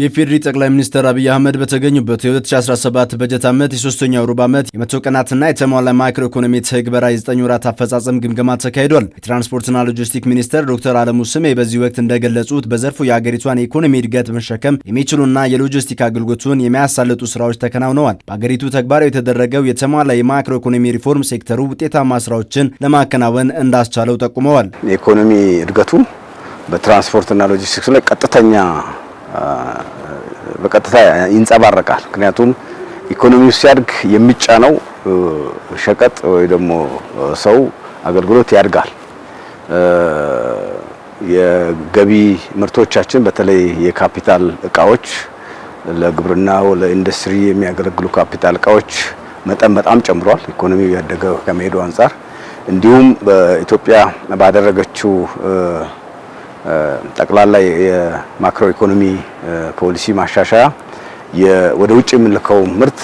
የፌዴሪ ጠቅላይ ሚኒስትር አብይ አህመድ በተገኙበት የ2017 በጀት ዓመት የሶስተኛው ሩብ ዓመት የመቶ ቀናትና የተሟላ ማክሮ ኢኮኖሚ ትግበራ የዘጠኝ ወራት አፈጻጸም ግምገማ ተካሂዷል። የትራንስፖርትና ሎጂስቲክ ሚኒስትር ዶክተር አለሙ ስሜ በዚህ ወቅት እንደገለጹት በዘርፉ የአገሪቷን የኢኮኖሚ እድገት መሸከም የሚችሉና የሎጂስቲክ አገልግሎቱን የሚያሳልጡ ስራዎች ተከናውነዋል። በአገሪቱ ተግባራዊ የተደረገው የተሟላ የማክሮ ኢኮኖሚ ሪፎርም ሴክተሩ ውጤታማ ስራዎችን ለማከናወን እንዳስቻለው ጠቁመዋል። የኢኮኖሚ እድገቱ በትራንስፖርትና ሎጂስቲክስ ላይ ቀጥተኛ በቀጥታ ይንጸባረቃል። ምክንያቱም ኢኮኖሚው ሲያድግ የሚጫነው ሸቀጥ ወይ ደግሞ ሰው አገልግሎት ያድጋል። የገቢ ምርቶቻችን በተለይ የካፒታል እቃዎች ለግብርናው፣ ለኢንዱስትሪ የሚያገለግሉ ካፒታል እቃዎች መጠን በጣም ጨምሯል። ኢኮኖሚው ያደገ ከመሄዱ አንጻር እንዲሁም በኢትዮጵያ ባደረገችው ጠቅላላ የማክሮ ኢኮኖሚ ፖሊሲ ማሻሻያ ወደ ውጭ የምንልከው ምርት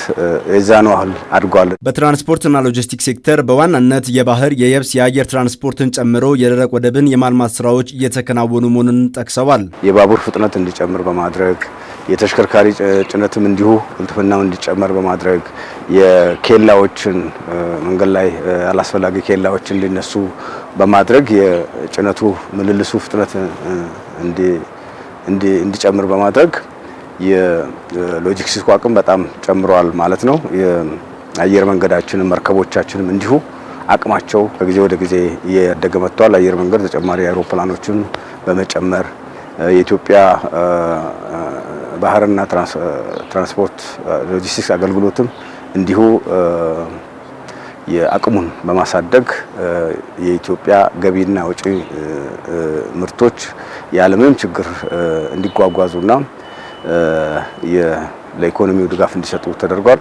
የዛኑ ያህል አድጓል። በትራንስፖርትና ሎጂስቲክስ ሴክተር በዋናነት የባህር የየብስ፣ የአየር ትራንስፖርትን ጨምሮ የደረቅ ወደብን የማልማት ስራዎች እየተከናወኑ መሆኑን ጠቅሰዋል። የባቡር ፍጥነት እንዲጨምር በማድረግ የተሽከርካሪ ጭነትም እንዲሁ ቅልጥፍናው እንዲጨመር በማድረግ የኬላዎችን መንገድ ላይ አላስፈላጊ ኬላዎች እንዲነሱ በማድረግ የጭነቱ ምልልሱ ፍጥነት እንዲጨምር በማድረግ የሎጂስቲክስ አቅም በጣም ጨምሯል ማለት ነው። የአየር መንገዳችንም መርከቦቻችንም እንዲሁ አቅማቸው ከጊዜ ወደ ጊዜ እያደገ መጥቷል። አየር መንገድ ተጨማሪ አውሮፕላኖችን በመጨመር የኢትዮጵያ ባህርና ትራንስፖርት ሎጂስቲክስ አገልግሎትም እንዲሁ የአቅሙን በማሳደግ የኢትዮጵያ ገቢና ወጪ ምርቶች ያለምንም ችግር እንዲጓጓዙና ለኢኮኖሚው ድጋፍ እንዲሰጡ ተደርጓል።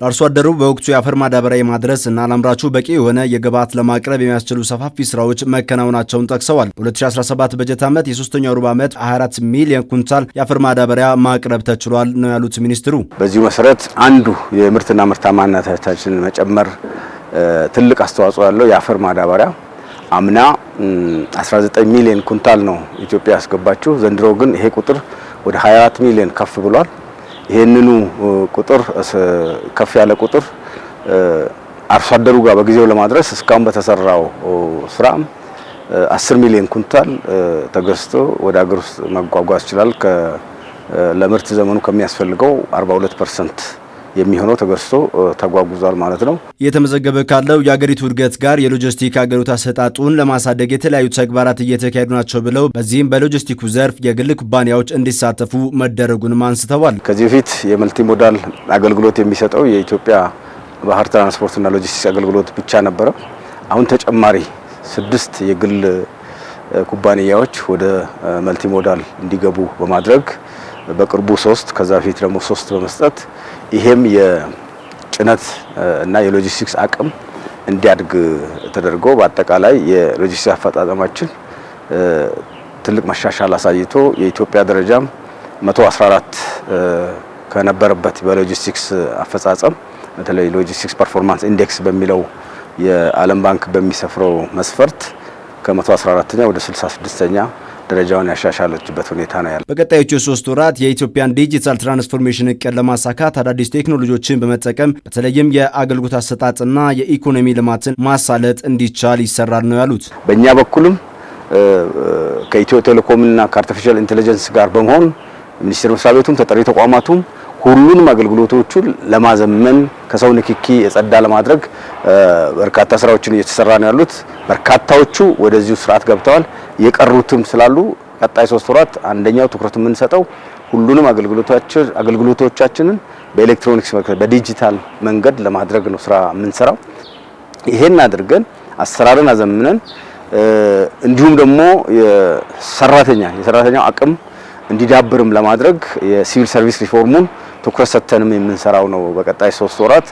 ለአርሶ አደሩ በወቅቱ የአፈር ማዳበሪያ የማድረስ እና ለአምራቹ በቂ የሆነ የግብዓት ለማቅረብ የሚያስችሉ ሰፋፊ ስራዎች መከናወናቸውን ጠቅሰዋል። በ2017 በጀት ዓመት የሶስተኛው ሩብ ዓመት 24 ሚሊዮን ኩንታል የአፈር ማዳበሪያ ማቅረብ ተችሏል ነው ያሉት ሚኒስትሩ። በዚሁ መሰረት አንዱ የምርትና ምርታማነታችንን መጨመር ትልቅ አስተዋጽኦ ያለው የአፈር ማዳበሪያ አምና 19 ሚሊዮን ኩንታል ነው ኢትዮጵያ ያስገባችው። ዘንድሮ ግን ይሄ ቁጥር ወደ 24 ሚሊዮን ከፍ ብሏል። ይህንኑ ቁጥር ከፍ ያለ ቁጥር አርሶ አደሩ ጋር በጊዜው ለማድረስ እስካሁን በተሰራው ስራም 10 ሚሊዮን ኩንታል ተገዝቶ ወደ ሀገር ውስጥ መጓጓዝ ይችላል። ለምርት ዘመኑ ከሚያስፈልገው 42 ፐርሰንት የሚሆነው ተገዝቶ ተጓጉዟል ማለት ነው። የተመዘገበ ካለው የአገሪቱ እድገት ጋር የሎጂስቲክ አገልግሎት አሰጣጡን ለማሳደግ የተለያዩ ተግባራት እየተካሄዱ ናቸው ብለው በዚህም በሎጂስቲኩ ዘርፍ የግል ኩባንያዎች እንዲሳተፉ መደረጉንም አንስተዋል። ከዚህ በፊት የመልቲሞዳል አገልግሎት የሚሰጠው የኢትዮጵያ ባህር ትራንስፖርትና ሎጂስቲክስ አገልግሎት ብቻ ነበረ። አሁን ተጨማሪ ስድስት የግል ኩባንያዎች ወደ መልቲሞዳል እንዲገቡ በማድረግ በቅርቡ ሶስት ከዛ በፊት ደግሞ ሶስት በመስጠት ይሄም የጭነት እና የሎጂስቲክስ አቅም እንዲያድግ ተደርጎ በአጠቃላይ የሎጂስቲክስ አፈጻጸማችን ትልቅ መሻሻል አሳይቶ የኢትዮጵያ ደረጃም 114 ከነበረበት በሎጂስቲክስ አፈጻጸም በተለይ ሎጂስቲክስ ፐርፎርማንስ ኢንዴክስ በሚለው የዓለም ባንክ በሚሰፍረው መስፈርት ከ114ኛ ወደ 66ኛ ደረጃውን ያሻሻለችበት ሁኔታ ነው ያለ። በቀጣዮቹ ሶስት ወራት የኢትዮጵያን ዲጂታል ትራንስፎርሜሽን እቅድ ለማሳካት አዳዲስ ቴክኖሎጂዎችን በመጠቀም በተለይም የአገልግሎት አሰጣጥና የኢኮኖሚ ልማትን ማሳለጥ እንዲቻል ይሰራል ነው ያሉት። በእኛ በኩልም ከኢትዮ ቴሌኮምና ከአርቲፊሻል ኢንቴሊጀንስ ጋር በመሆን ሚኒስቴር መስሪያ ቤቱም ተጠሪ ተቋማቱም ሁሉንም አገልግሎቶቹን ለማዘመን ከሰው ንክኪ የጸዳ ለማድረግ በርካታ ስራዎችን እየተሰራ ነው ያሉት። በርካታዎቹ ወደዚሁ ስርዓት ገብተዋል። የቀሩትም ስላሉ ቀጣይ ሶስት ወራት አንደኛው ትኩረት የምንሰጠው ሁሉንም አገልግሎቶቻችንን በኤሌክትሮኒክስ በዲጂታል መንገድ ለማድረግ ነው ስራ የምንሰራው። ይሄን አድርገን አሰራርን አዘምነን እንዲሁም ደግሞ የሰራተኛ የሰራተኛው አቅም እንዲዳብርም ለማድረግ የሲቪል ሰርቪስ ሪፎርሙን ትኩረት ሰጥተንም የምንሰራው ነው። በቀጣይ ሶስት ወራት